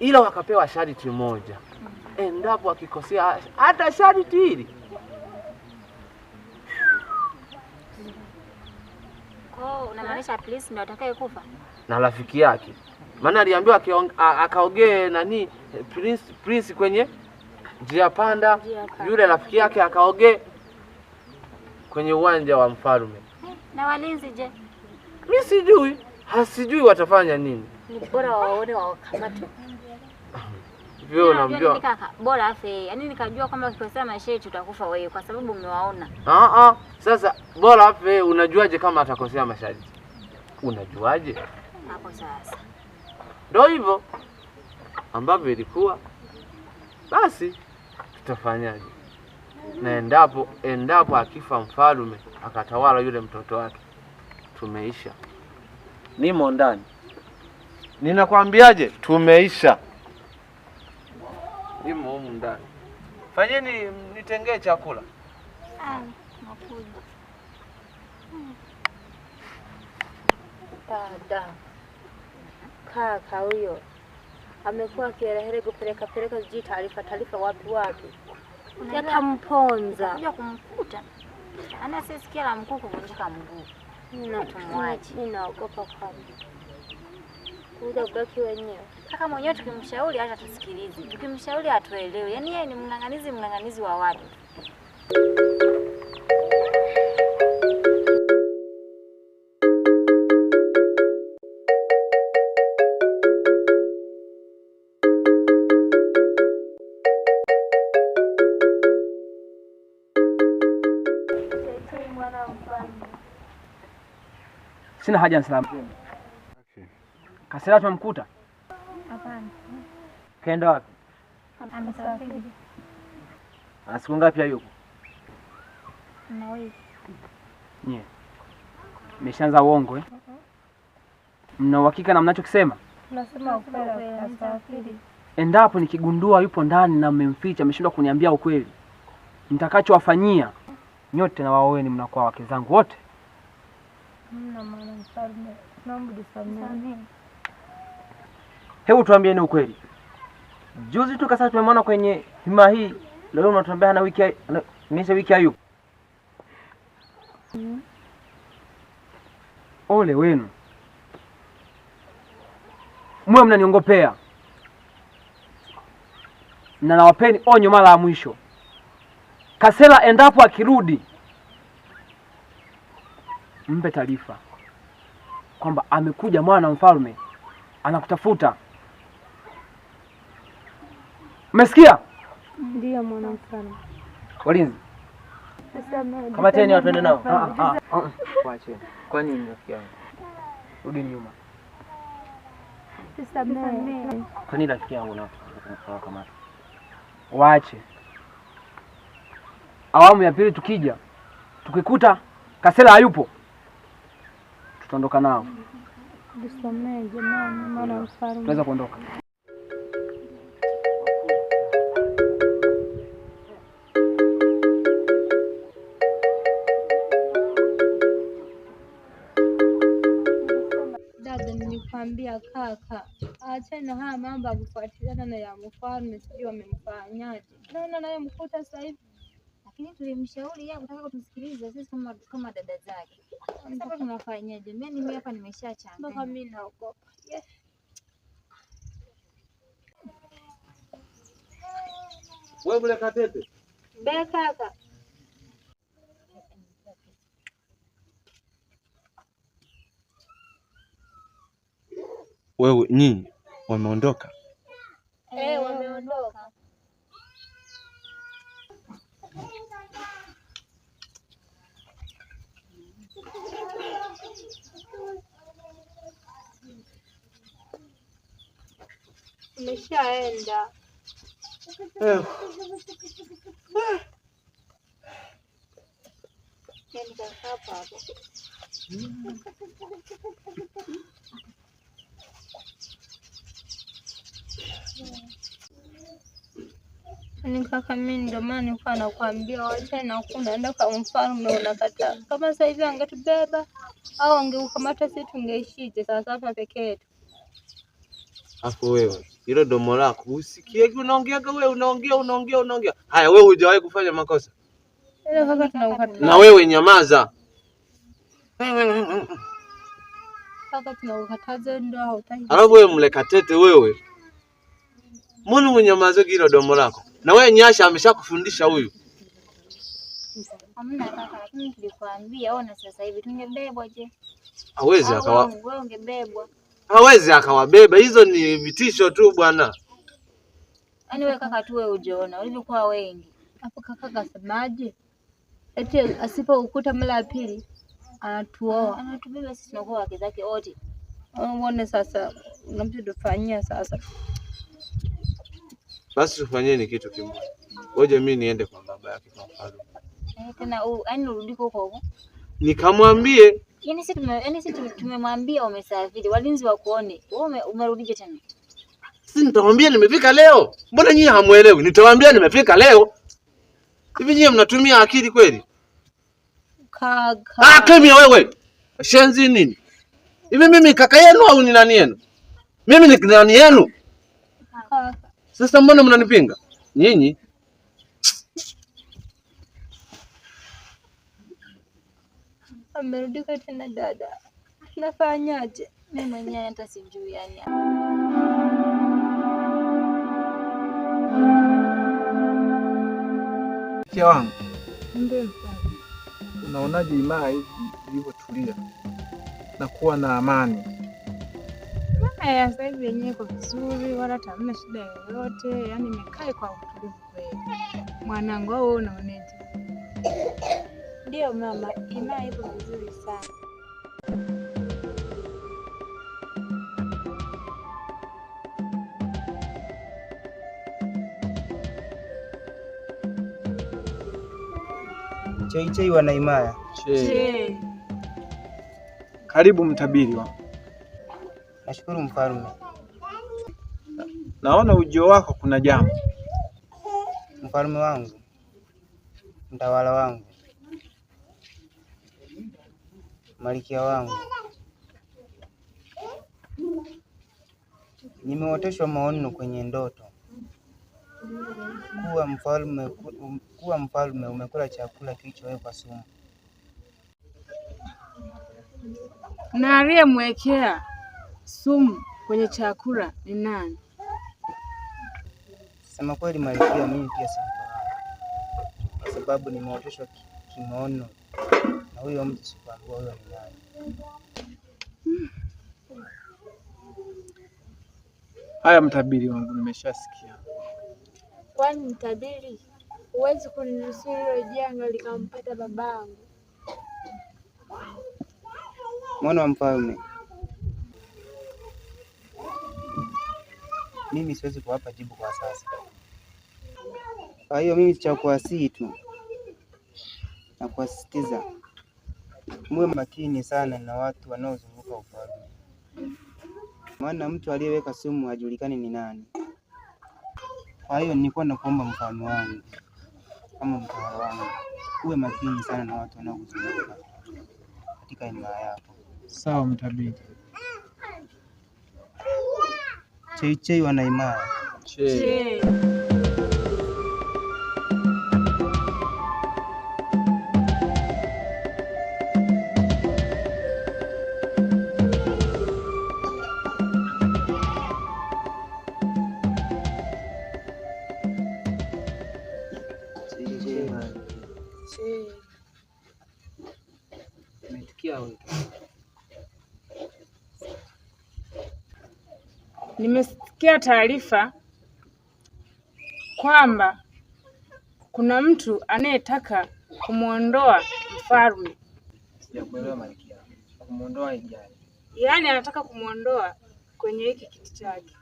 ila wakapewa sharti moja, mm. endapo akikosea hata sharti hili unamaanisha ndio na rafiki yake, maana aliambiwa akaogee nani Prince, Prince kwenye njia panda, panda, yule rafiki yake akaogee kwenye uwanja wa mfalme. Na walinzi je? Mimi sijui, hasijui watafanya nini. Ni bora waone wakamate wewe unamjua kaka, bora afe. Yaani nikajua kwamba tukikosea maisha yetu tutakufa wewe, kwa sababu umewaona. Ah ah, sasa bora afe. Unajuaje kama atakosea masharti? Unajuaje hapo? Sasa ndio hivyo ambavyo ilikuwa. Basi tutafanyaje? Na endapo endapo akifa mfalume akatawala yule mtoto wake, tumeisha. Nimo ndani, ninakwambiaje? Tumeisha humu ndani. Fanyeni nitengee chakula. Ah, Dada kaka huyo amekuwa akiherehere kupeleka peleka sijui taarifa taarifa wapi wapi, yatamponza kuja kumkuta la mkuu kuvunjika mguu, tumwache kuja ubaki wenyewe. Kaka mwenyewe tukimshauri hata tusikilizi, tukimshauri hatuelewi. Yaani yeye ni mng'ang'anizi, mng'ang'anizi wa watu. Sina haja salamu. Kasera tumemkuta? Hapana. Kaenda wapi? Amesafiri. Ana siku ngapi hayuko? Mnawili. Nye. Meshaanza uongo eh? Mna uhakika na mnachokisema? Tunasema ukweli, asafiri. Endapo nikigundua yupo ndani na mmemficha, ameshindwa kuniambia ukweli, nitakachowafanyia nyote na waoweni, mnakuwa wake zangu wote. Mna maana mfalme, naomba Hebu tuambieni ukweli, juzi tu Kasa tumemwona kwenye hima hii, leo unatuambia hana wiki, mesha wiki hayupo. Mm. Ole wenu mwe, mnaniongopea na nawapeni onyo mara ya mwisho. Kasela endapo akirudi, mpe taarifa kwamba amekuja mwana wa mfalme anakutafuta. Umesikia? Ndio mwanamfalme. Walinzi. Kama tena watu waende nao. Ah ah. Waache. Ah. Ah, ah. Kwa nini rafiki yangu? Rudi nyuma. Kwa nini rafiki yangu na kama waache. Awamu ya pili tukija, tukikuta Kasela hayupo, tutaondoka nao. Tuweza kuondoka. nikamwambia kaka, achana haya mambo ya kufuatiliana na ya mfalme, sijui wamemfanyaje. Naona naye mkuta sasa hivi lakini tulimshauri yeye kutaka kutusikiliza sisi kama kama dada zake. Sasa tunafanyaje? Mimi mimi hapa nimeshachanga. Baba mimi naogopa. Wewe kule katete. Be kaka. wewe nyinyi wameondoka? Eh, wameondoka. Umeshaenda. Eh. Nenda hapa hapo. Hmm. Yaani kaka mimi ndio maana nilikuwa nakwambia wacha na kunaenda kwa mfalme unakataa. Kama sasa hivi angetubeba au angeukamata sisi tungeishije sasa hapa peke yetu? Hapo wewe, hilo domo lako usikie, unaongeaga wewe, unaongea unaongea unaongea. Haya wewe hujawahi kufanya makosa. Ila kaka tunaukataa. Na wewe nyamaza. Kaka tunaukataa ndio hautaki. Alafu wewe mlekatete wewe. Mulungu nyamaze gilo domo lako. Na wewe Nyasha ameshakufundisha huyu. Hamna kaka, lakini nilikwambia ona sasa hivi tungebebwa je? Hawezi akawa. Wewe ungebebwa. Hawezi akawabeba. Hizo ni vitisho tu bwana. Yaani wewe kaka tu wewe ujiona, ulivyokuwa wengi. Hapo kaka kasemaje? Eti asipo ukuta mara ya pili anatuoa. Anatubeba sisi tunakuwa wake zake wote. Uone sasa dofanyia sasa basi tufanyeni kitu kimoja. Ngoja mimi niende kwa baba yake kwa mfano. Eh, tena yaani urudi huko huko. Nikamwambie. Yaani sisi tume yaani sisi tumemwambia umesafiri. Walinzi wakuone. Wewe umerudije tena? Sisi nitawaambia nimefika leo. Mbona nyinyi hamuelewi? Nitawaambia nimefika leo. Hivi nyinyi mnatumia akili kweli? Kaka. Ah, kemia wewe. Shenzi nini? Hivi mimi kaka yenu au ni nani yenu? Mimi ni nani yenu? Kaka. Sasa mbona mnanipinga nyinyi? Amerudika tena dada, nafanyaje? Mimi mwenyewe hata sijui yani. Mke wangu, ndio unaonaje Imaa hivi ilivyotulia na kuwa na amani Eh, sasa hivi yenyewe iko vizuri, wala tamna hamna shida yoyote, yaani nimekaa kwa utulivu kweli. Mwanangu, au unaoneje? Ndio mama, Imaa iko vizuri sana. chai wana imaya. Karibu mtabiri wangu. Nashukuru mfalme. Naona ujio wako kuna jambo. Mfalme wangu, mtawala wangu, malikia wangu, nimeoteshwa maono kwenye ndoto kuwa mfalme, kuwa mfalme umekula chakula kilichowekwa sumu na aliyemwekea sumu kwenye chakula ni nani? Sema kweli, Malkia, mimi pia sifahamu, kwa sababu nimeoteshwa kimono na huyo mtu, sikuambia huyo ni nani. Haya, mtabiri wangu, nimeshasikia. Kwani mtabiri, huwezi kuninusuru hilo janga likampata babangu. Mwana wa mfalme mimi siwezi kuwapa jibu kwa sasa. Kwa hiyo mimi cha kuwasihi tu na kuwasisitiza muwe makini sana na watu wanaozunguka ufalme, maana mtu aliyeweka sumu hajulikani ni nani. Kwa hiyo nilikuwa nakuomba mfalme wangu kama mtawala wangu, uwe makini sana na watu wanaokuzunguka katika imaa yako. Sawa mtabiri. చేయి చేయి అన్న Nimesikia taarifa kwamba kuna mtu anayetaka kumwondoa mfalme, yaani anataka kumwondoa kwenye hiki kiti chake.